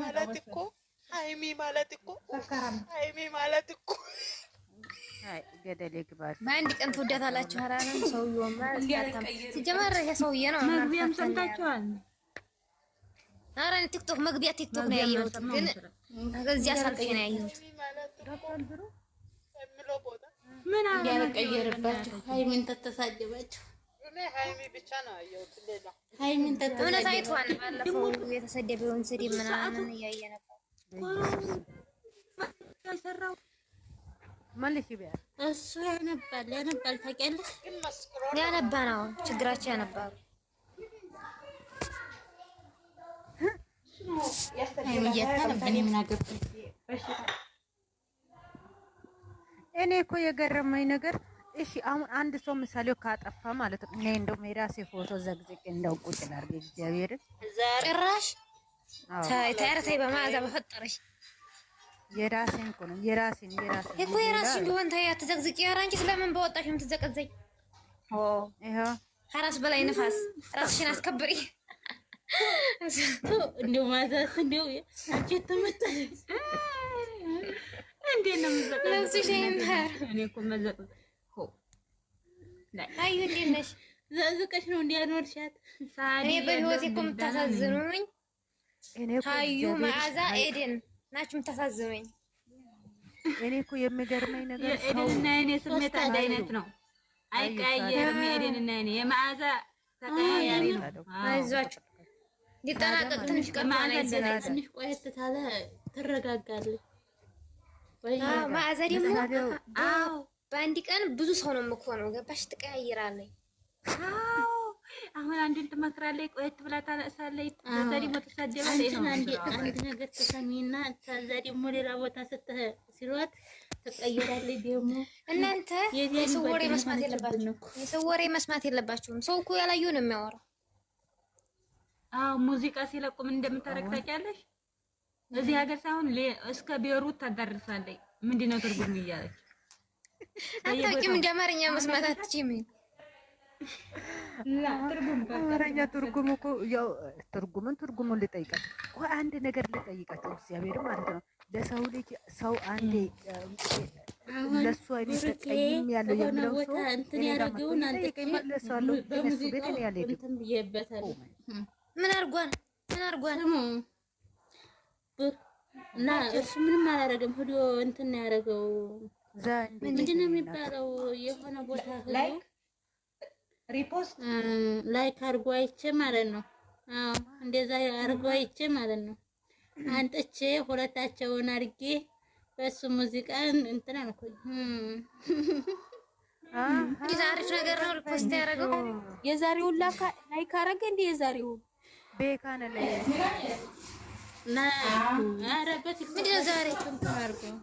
ማለት እኮ ሀይሚ ማለት እኮ ሀይሚ ማለት እኮ ገደል ግባት። በአንድ ቀን ትወዳታላችሁ። ኧረ ነው ሰውዬውማ ሲጀመር ይሄ ነው። መግቢያም ሰምታችኋል። ኧረ ቲክቶክ መግቢያ ቲክቶክ ነው ያየሁት፣ ግን እዚያ ሳልፍ ነው ያየሁት። ምን አለ ያልቀየርባችሁ ሀይሚን ተተሳደባችሁ ሀይሚን እውነት አይቷን ባለፈው የተሰደበውን ስድብ ምናምን እያየ ነበር። እሱ ያነባል ያነባል፣ ታውቂያለሽ፣ ያነባ ነው ችግራቸው ያነባሉ። እኔ እኮ የገረመኝ ነገር እሺ አሁን አንድ ሰው ምሳሌው ካጠፋ ማለት ነው። እኔ እንደው የራሴ ፎቶ ዘግዝቄ እንደው ቁጭ ላድርግ። እግዚአብሔርን ጭራሽ ታይ ታይ በማዛ በፈጠረሽ የራሴን እኮ ነው የራሴን የራሴን እኮ የራሴን ቢሆን ታይ አትዘግዝቂ። ኧረ አንቺ ስለምን በወጣሽ የምትዘቀዘኝ? ኦ ይሄ ከራስ በላይ ንፋስ፣ ራስሽን አስከብሪ። እንደው ማዛስ እንደው አንቺ ተመጣጣኝ እንዴ ነው የምዘቀዘኝ? ለዚህ ሸይን ታር እኔ እኮ መዘቀዘኝ አዩ እንዴት ነሽ? ዘቅዝቀሽ ነው እንዲያኖርሻት። እኔ በህይወቴ እኮ የምታሳዝኑኝ አዩ፣ መዓዛ፣ ኤደን ናችሁ የምታሳዝኑኝ። እኔ እኮ የሚገርመኝ ነገር ኤደንና የእኔ ስሜት አንድ አይነት ነው፣ አይቀያየርም። ኤደንና የእኔ የመዓዛ ተቀያያሪ ነው። አይዟችሁ ሊጠናቀቅ ትንሽ ቀማለትንሽ ቆየት ታለ ትረጋጋለች። መዓዛ ደግሞ በአንድ ቀን ብዙ ሰው ነው የምኮነው። ገባሽ? ትቀያይራለች። አሁን አንዱን ትመክራለች፣ ቆየት ብላ ታነሳለች። ከዛ ደግሞ ትሳደባለች። አንድ ነገር ትሰሚና ከዛ ደግሞ ሌላ ቦታ ስትህ ሲሏት ትቀይራለች። ደግሞ እናንተ የሰው ወሬ መስማት የለባችሁም። የሰው ወሬ መስማት የለባችሁም። ሰው እኮ ያላየው ነው የሚያወራው። አዎ ሙዚቃ ሲለቁም እንደምታረግ ታውቂያለሽ። እዚህ ሀገር ሳይሆን እስከ ቤሩት ታዳርሳለች። ምንድነው ትርጉም እያለች አታውቂም? እንደ አማርኛ መስማት አትችይም። አማርኛ ትርጉም እኮ ያው ትርጉምን ትርጉሙን ልጠይቃት እኮ አንድ ነገር ልጠይቃቸው እግዚአብሔር ማለት ነው። ለሰው ልጅ ሰው አንዴ ለሱ አይሰጠኝም ያለው የሚለው ሰው እንትን ያደረገውን ምን አድርጓን ምን እና እሱ ምንም አላደረገም። ሂዶ እንትን ያደረገው ምንድን ነው የሚባለው? የሆነ ቦታ ሪፖስት ላይክ አድርጎ አይቼ ማለት ነው። አዎ እንደዛ አድርጎ አይቼ ማለት ነው። አንጥቼ ሁለታቸውን አድርጌ በሱ ሙዚቃ እንትን አልኩኝ። አሪፍ ነገር ነው። ሪፖስት ያደረገው የዛሬውን ላይክ አደረገ። እንደ የዛሬውን ቤካነ ላይ ኧረ በትክክል ምንድን ነው ዛሬ እንትን አድርገው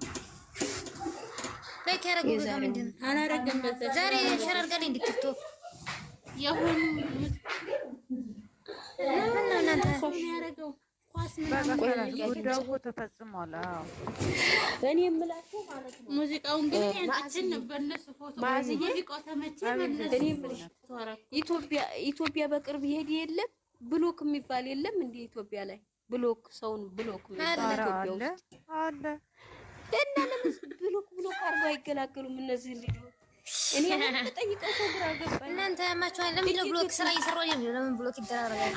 ላይ ያረገው በጣም እንድን አናረገም። ዛሬ ሸር አድርጋለች ቲክቶክ የሆኑ ጉዳዩ ተፈጽሟል። እኔ የምላችሁ ሙዚቃው እንግዲህ አንቺን በእነሱ ፎቶ ተመቼ ኢትዮጵያ በቅርብ ይሄድ የለም ብሎክ የሚባል የለም እንደ ኢትዮጵያ ላይ ብሎክ ሰውን ብሎክ የሚባል ኢትዮጵያ አለ እና ለምን ብሎክ ብሎክ አርጎ አይገላገሉም እነዚህ ልጆች? እኔ ጠይቀው ሰው እናንተ ያማችኋል። ለምንድን ነው ብሎክ ስራ እየሰሩ ነው? ለምን ብሎክ ይደራረጋል?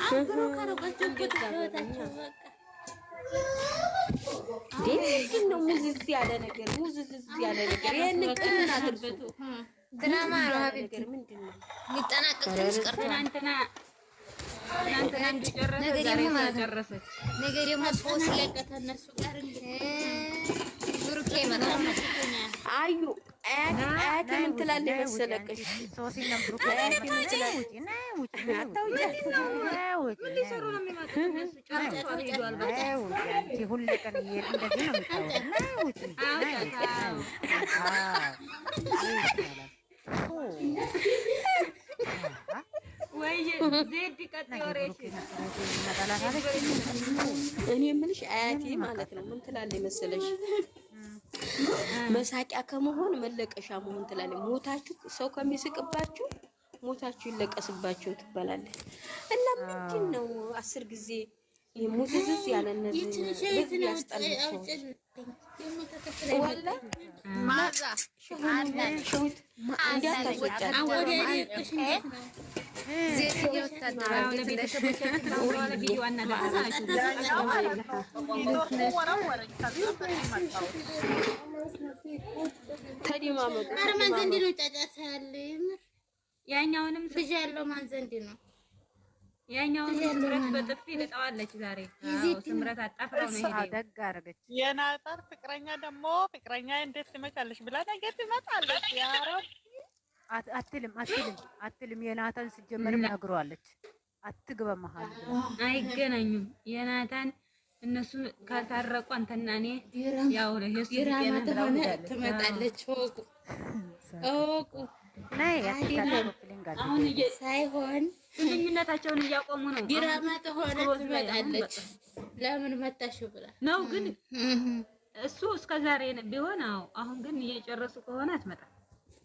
አዩ አያት ምን ትላለች መሰለህ? እኔ የምልሽ አያቴ ማለት ነው። ምን ትላለች መሰለሽ? መሳቂያ ከመሆን መለቀሻ መሆን ትላለች። ሞታችሁ ሰው ከሚስቅባችሁ ሞታችሁ ይለቀስባችሁ ትባላለች። እና ምንድን ነው አስር ጊዜ ሙትዝዝ ያለ እነዚህ ማን ዘንድ ነው ጫጫታ ያለ? ያኛውንም ልጅ ያለው ማን ዘንድ ነው? ያኛውን ስምረት በጥፊ ልጠዋለች። ዛሬ ስምረት አጣፍረው ደግ አደረገች። የናጣር ፍቅረኛ ደግሞ ፍቅረኛ እንዴት ትመቻለች ብላ ነገር ትመጣለች። ያ አትልም አትልም አትልም። የናታን ሲጀመርም ነግሯለች አትግባ መሀል አይገናኙም። የናታን እነሱ ካልታረቁ አንተና እኔ ያው ለሄስ ይራማ ተሆነ ትመጣለች። ወቁ ወቁ ናይ አሁን ሳይሆን ግንኙነታቸውን እያቆሙ ነው። ዲራማ ተሆነ ትመጣለች። ለምን መጣሽ ብላ ነው ግን እሱ እስከዛሬ ቢሆን አዎ። አሁን ግን እየጨረሱ ከሆነ አትመጣም።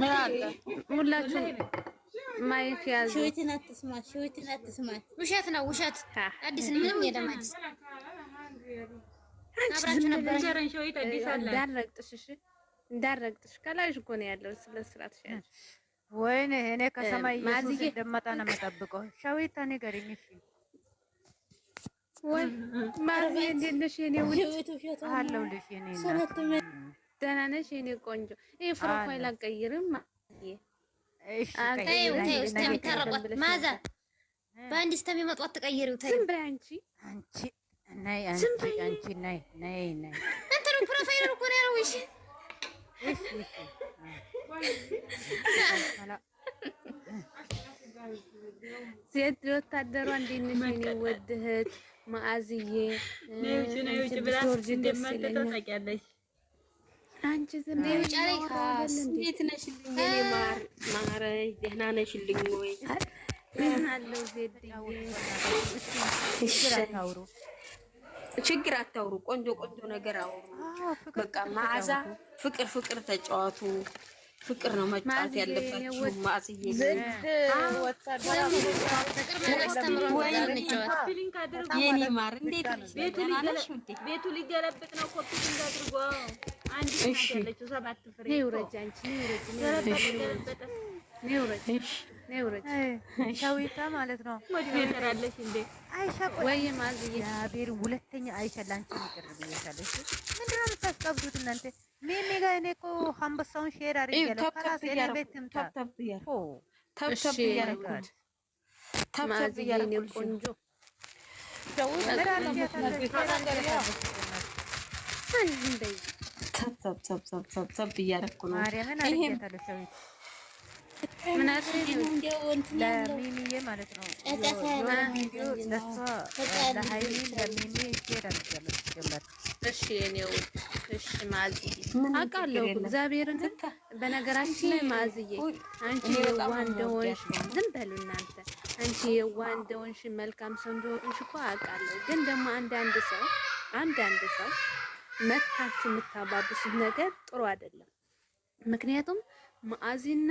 ምን አለ ሁላችሁ ማየት ያዙ። ሽዊትን አትስማት፣ ሽዊትን አትስማት። ውሸት ነው ውሸት። አዲስ ምንም የለም አዲስ እንዳረግጥሽ እንዳረግጥሽ ከላይሽ እኮ ነው ያለው። ስለ ስራት ወይኔ እኔ ከሰማይ ኢየሱስ እንደመጣ ነው የምጠብቀው። ሸዊት እኔ እሺ ወይ ማርቤ እንደነሽ የኔ ውድ አለሁልሽ የኔ ደህና ነሽ የእኔ ቆንጆ? ይሄ ፕሮፋይል አልቀይርም። እስከሚታረቋት ማዛ በአንድ እስከሚመጡ አትቀይሪው። ዝም በይ አንቺ አንቺ እንትኑ ፕሮፋይል እኮ ነው ያለው። እሺ ሴት ወታደሯ እንዴት ነሽ የእኔ ውድ እህት ማዕዝዬ? ደስ ይለኛል አንቺ ዝም እንዴት ነሽልኝ? ማር ማር ደህና ነሽልኝ ወይ? ችግር አታውሩ። ቆንጆ ቆንጆ ነገር አውሩ። በቃ መዓዛ ፍቅር ፍቅር ተጫዋቱ ፍቅር ነው መጫወት ያለባችሁ። ማዝዬ ማር እንዴት ነሽ? ቤቱ ሊገለብጥ ነው። ኮፒሊንግ አድርጎ ሻዊታ ማለት ነው። ሁለተኛ አይሻ ላንቺ ምንድን ነው የምታስቀብዱት እናንተ? ሚሚ ጋር እኔ እኮ አንበሳውን ሼር አድርጌያለሁ። ተብተብ እያረኩት ነው ለሚሚዬ ማለት ነው በነገራችን ላይ ማዝዬ አንቺ የዋህ እንደሆንሽ ዝም በሉ እናንተ። አንቺ የዋህ እንደሆንሽ መልካም ሰው እንደሆንሽ እኮ አውቃለሁ። ግን ደግሞ አንዳንድ ሰው አንዳንድ ሰው መታችሁ የምታባብሱት ነገር ጥሩ አይደለም። ምክንያቱም ማአዚና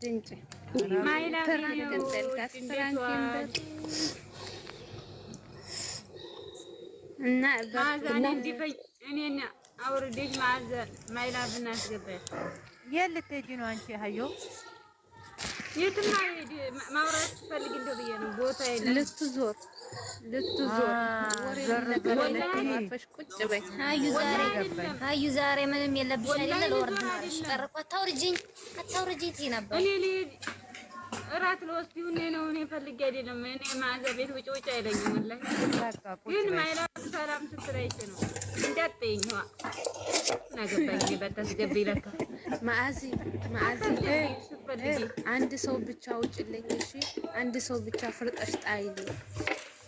አውርዴጅ ማዘር ማይላቭ እናስገባል። የት ልትሄጂ ነው አንቺ? ሀዮ የትም ማውራት ትፈልጊ እንደው ብዬሽ ነው ቦታ የለም ልትዞር ሀዩ ዛሬ ምንም የለብሽ አይደለ? ልወርድ ነው አለሽ። ቀረኩ። አታውርጂኝ፣ ነበር። እራት ልወስድ ይሁን ነው። እኔ ፈልጌ አይደለም። እኔ ማዘ ቤት ውጭ ውጭ አይለኝም። ወላሂ ግን ማይላት ሰላም ስትረይሽ ነው እንዳትይኝ ዋ ናገባኝ በታስገቢ ለካ ማአዚ ማአዚ አንድ ሰው ብቻ ውጭልኝ። እሺ አንድ ሰው ብቻ ፍርጠሽ ጣይልኝ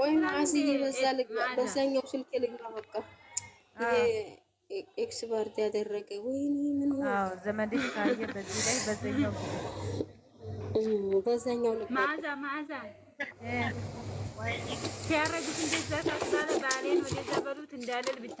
ቆይማ ስዬ በዛኛው ስልክ ልግባ። በቃ ኤክስፐርት ያደረገ ወይኔ ምን ዘመድሽ ካየ በዚህ ላይ በዛኛው በዛኛው መዓዛ መዓዛ ሲያረጉት እንደዛ ታስባለ ባሌን ወደዛ በሉት እንዳለል ብቻ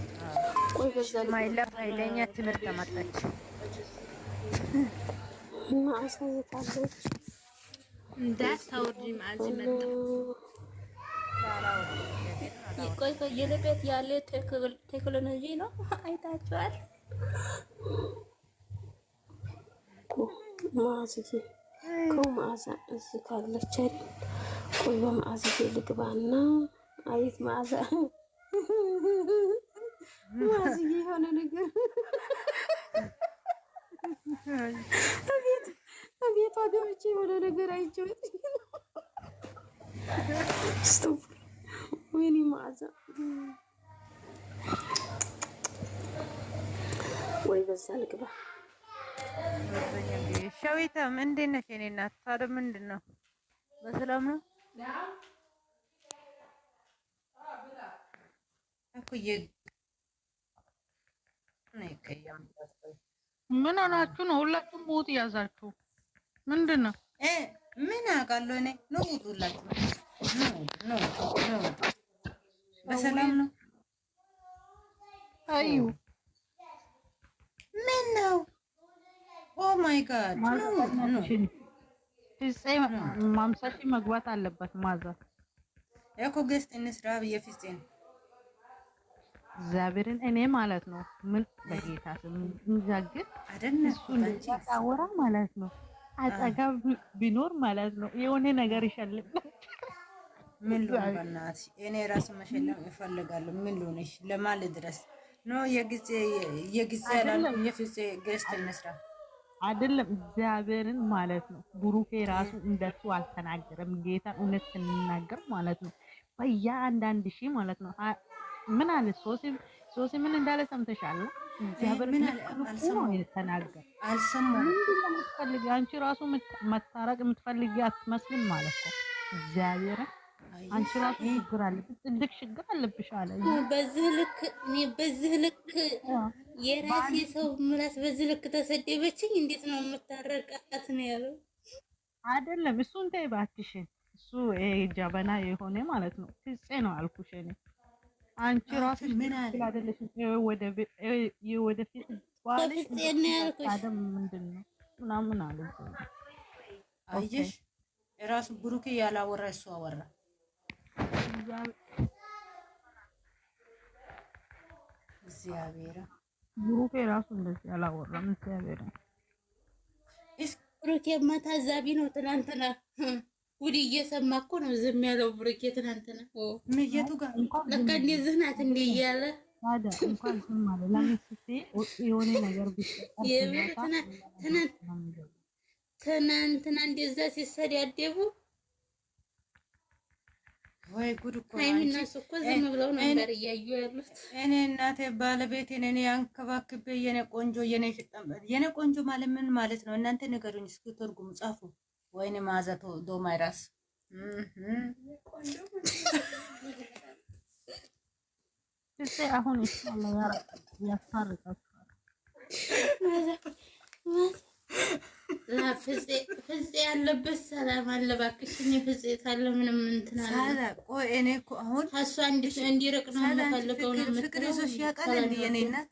ማይላ ኃይለኛ ትምህርት አመጣች። ማሳየታለች እንዳታወርድ ማዚ መጣ። ቆይ ቆይ የልቤት ያለ ቴክኖሎጂ ነው አይታችኋል። ካለች አይደል? ቆይ ልግባና አቤት ማዕዛ የሆነ ነገር ቤቷ ገብቼ የሆነ ነገር አይቼው ወይኔ መዓዛ ወይ በዛ ልግባ። ሸዊተም እንዴት ነሽ የኔ እናት? ታዲያ ምንድን ነው? በሰላም ነው እኮ ምን አላችሁ ነው? ሁላችሁም ቦት እያዛችሁ ምንድን ነው? ምን አውቃለሁ እኔ ነው። ሁላችሁ በሰላም ነው። አዩ ምን ነው? ኦ ማይ ጋድ ፍፄ ማምሳት መግባት አለበት ማዛ እኮ ጌስት እንስራ ብዬ ፍፄ ነው እግዚአብሔርን እኔ ማለት ነው ምን በጌታ ስምዛግን እሱ እንደወራ ማለት ነው አጸጋ ቢኖር ማለት ነው የሆነ ነገር ይሸልም። ምን ልሁን በእናትሽ፣ እኔ ራሱ መሸለም እፈልጋለሁ። ምን ልሁንሽ? ለማን ድረስ ኖ የጊዜ የጊዜ ያላሉ የፍጽ ገስት እንስራ አይደለም እግዚአብሔርን ማለት ነው። ብሩኬ ራሱ እንደሱ አልተናገረም። ጌታን እውነት ስንናገር ማለት ነው በያ በየአንዳንድ ሺ ማለት ነው ምን አለ ሶሲ ሶሲ ምን እንዳለ ሰምተሻል? እግዚአብሔር አንቺ ራሱ መታረቅ የምትፈልጊ አትመስልም ማለት ነው። እግዚአብሔር አንቺ ራሱ ችግር አለብሽ፣ ትልቅ ችግር አለብሽ አለ። በዚህ ልክ እኔ በዚህ ልክ የራሴ ሰው ምላስ በዚህ ልክ ተሰደበችኝ። እንዴት ነው የምታረቃት ነው ያለው። አይደለም እሱ እንታይ እባክሽን፣ እሱ ጀበና የሆነ ማለት ነው ፍጼ ነው አልኩሽ እኔ አንቺ ራስሽ ምን አይደለሽ። ወደ ወደ ፊት ባለሽ አደም ምንድን ነው ምናምን አለ። አየሽ ራሱ ብሩኬ ያላወራ እሱ አወራ። እግዚአብሔር ብሩኬ ራሱ እንደዚህ እግዚአብሔር ነው። ትናንትና ውድ እየሰማ እኮ ነው ዝም ያለው ብሩኬ። ትናንትና ምየቱ ጋር ለካ እንደዚህ ናት እንደ እያለ እንኳን ዝም አለ። የሆነ ነገር ትናንትና እንደዛ ሲሰዳደቡ ወይ ጉድ እኮ ሃይሚና እኮ ዝም ብለው ነበር እያዩ ያሉት። እኔ እናቴ ባለቤቴን እኔ አንከባክቤ የኔ ቆንጆ የኔ ሽጣ የኔ ቆንጆ ማለት ምን ማለት ነው? እናንተ ንገሩኝ እስኪ ትርጉም ጻፉ። ወይኔ ማዛ ዶማ ይራስ አሁን ፍፄ ያለበት ሰላም አለባክሽ ፍፄ ካለ ምንም እንትን አለ። ቆይ እኔ እኮ አሁን ከእሷ እንዲርቅ ነው የምፈልገው። ነው ፍቅር ይዞሽ ያውቃል። እንደ የእኔ እናት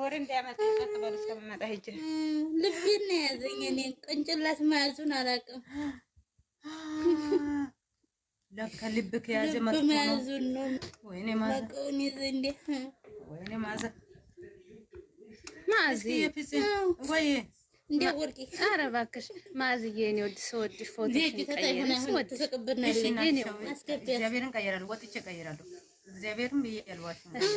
ወር እንዳያመጣ በሉ እስከምመጣ ሂጅ። ልቤን ነው ያዘኝ። እኔ ቅንጭላት መያዙን አላውቅም። ለካ ልብ ከያዘ መጥቶ ነው። ወይኔ ማዘ ማዘ ወይ ኧረ እባክሽ ማዝዬ፣ የእኔ ወድ ስወድሽ ፎቶሽን ቀይረሽ እግዚአብሔርን ቀይራለሁ፣ ወጥቼ ቀይራለሁ። እግዚአብሔርም ብዬሽ አልዋሽም። እሺ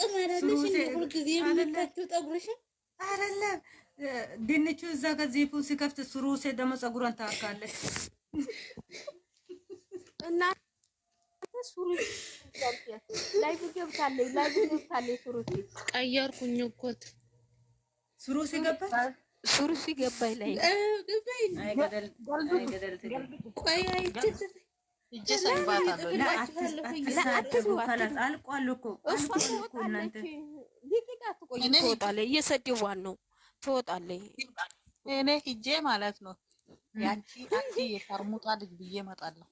አይደለም ድንቹ እዛ ጋር ዚፑ ሲከፍት ስሩሴ ደግሞ ፀጉሯን ታካለች እና ቀየርኩኝ እኮ ስሩሴ ገባች። ስሩሴ ገባኝ ላይ እጄ ሰንባታለሁ። ነው። ትወጣለች። እኔ ሂጄ ማለት ነው ያቺ አንቺ የፈርሙጣ ልጅ ብዬ እመጣለሁ።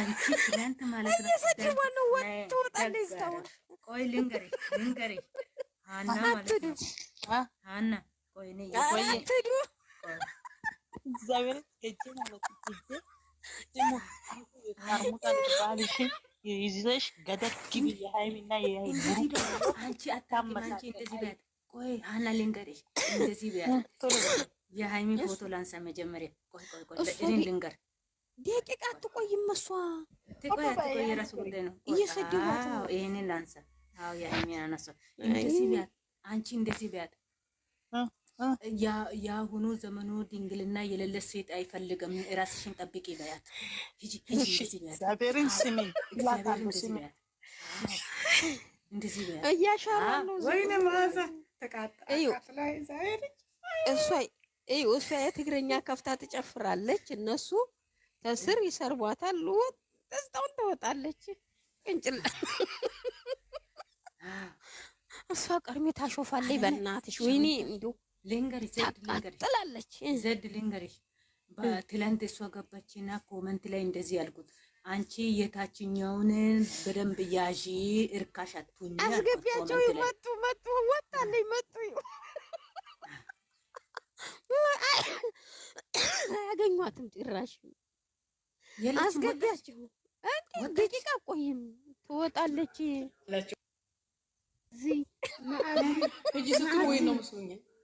አንቺ ትላንት ማለት ነው ሰደቧት ነው። ትወጣለች። ቆይ ልንገርሽ ልንገርሽ ሀና ማለት ነው ሀና ቆይ እኔ አትሂዱ እግዚአብሔር ሂጄ ማለት ነው ሂጄ ይዘሽ ገደብ ግቢ። የሃይሚና አንቺ አታመሳች። እንደዚህ ቢያት ቆይ፣ ሀና ልንገርሽ፣ እንደዚህ ቢያት የሃይሚ ፎቶ ላንሳ መጀመሪያ። ቆይ ቆይ ቆይ፣ እኔ ልንገር ደቂቃ አትቆይም። እሷ ትቆይ አትቆይ፣ የራሱ ጉዳይ ነው። እየሰደባት ነው። ይሄንን ላንሳ። አዎ የሃይሚን አነሳው። እንደዚህ ቢያት አንቺ እንደዚህ ቢያት የአሁኑ ዘመኑ ድንግልና የሌለ ሴት አይፈልግም። ራስሽን ጠብቂ በያት። እግዚአብሔርን ስሚ፣ እንደዚህ በያት። እያሻራሉ እሷ የትግረኛ ከፍታ ትጨፍራለች፣ እነሱ ተስር ይሰርቧታል። ልወጥ ደስታውን ትወጣለች። ቅንጭላ እሷ ቀድሜ ታሾፋለች። በእናትሽ ወይኔ እንዲሁ ታቃጥላለች። ዘድ ልንገርሽ፣ በትላንት እሷ ገባችና ኮመንት ላይ እንደዚህ ያልኩት አንቺ የታችኛውን በደንብ ያዢ፣ እርካሽ አትሁኝ። አስገቢያቸው መጡ መጡ ወጣለኝ መጡ አያገኟትም ጭራሽ አስገቢያቸው እንዴ ደቂቃ ቆይም ትወጣለች። እዚህ ነው መስሎኛል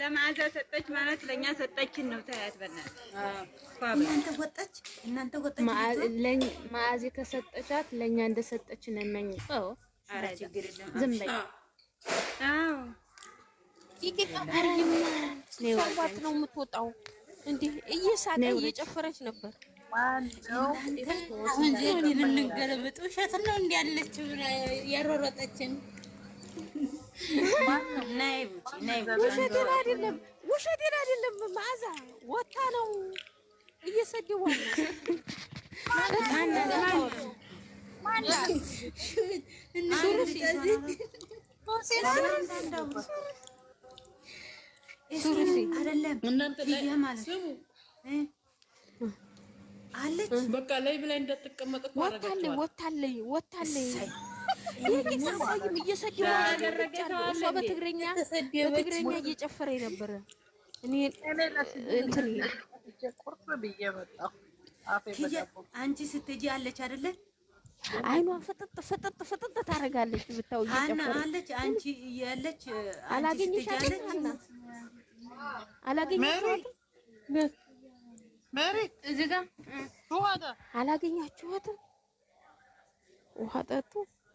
ለመዓዛ ሰጠች ማለት ለእኛ ሰጠችን ነው። ታያት በእናትህ መዓዛ ከሰጠቻት ለእኛ እንደሰጠችን ነመኝ ዝም በይ። ሰዋት ነው የምትወጣው። እንዲህ እየሳቀ እየጨፈረች ነበር። የምንገለብጥ ውሸት ነው እንዲያለችው ያሯሯጠችን ውሸቴን አይደለም፣ ውሸቴን አይደለም። መዓዛ ወታ ነው እየሰደዋል። አለች በቃ ላይ ብላይ እንዳትቀመጥ ወታለኝ ወታለኝ ወታለኝ እየሰደበ በትግረኛ በትግረኛ እየጨፈረ ነበረ። እኔ እንትን አንቺ ስትሄጂ አለች አይደለ? አይኗ ፍጥጥ ፍጥጥ ፍጥጥ ታደርጋለች። ብታው አለች አንቺ ያለች አላገኘሻትም፣ አላገኘሻትም እዚህ ጋር አላገኛችኋትም። ውሃ ጠጡ።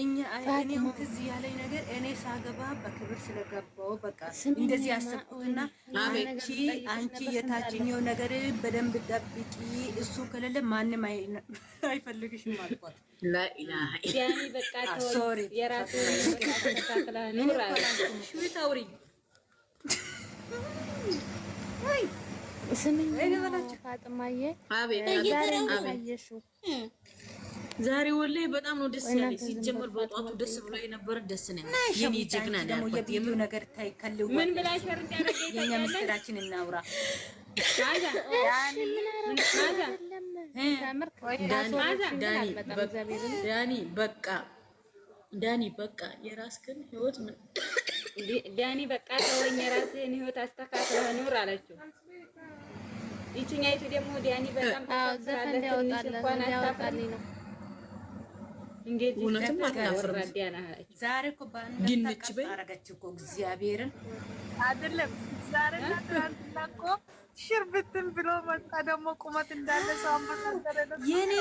እኛ እኔ እኔ ሳገባ በክብር ስለገባው በቃ እንደዚህ ያሰብኩትና አንቺ አንቺ የታችኛው ነገር በደንብ ጠብቂ፣ እሱ ከሌለ ማንም አይፈልግሽም አልኳት። ስምኝ ፋጥማዬ ዛሬ ወላሂ በጣም ነው ደስ ያለኝ። ሲጀመር በጧቱ ደስ ብሎ የነበረ ደስ ነው። የኔ ጀግና ደግሞ የቢዩ ነገር ታይ ምን ብላ ሸር እንዲያረገ የኛ ምስጢራችን እናውራ። ዳኒ በቃ ዳኒ በቃ የራስህን ህይወት ዳኒ በቃ ተወኝ፣ የራስህን ህይወት አስተካክለህ ኑር አለችው። ይችኛይቱ ደግሞ ዳኒ በጣም ታውቃለህ፣ እንኳን ነው እውነትም አታፍርም። ዛሬ እኮ ድንች በይ አደረገች እኮ እግዚአብሔርን አይደለም። ዛሬ ትናንትና እኮ ሽርብትን ብሎ መጣ ደግሞ ቁመት እንዳለ ሰው የኔ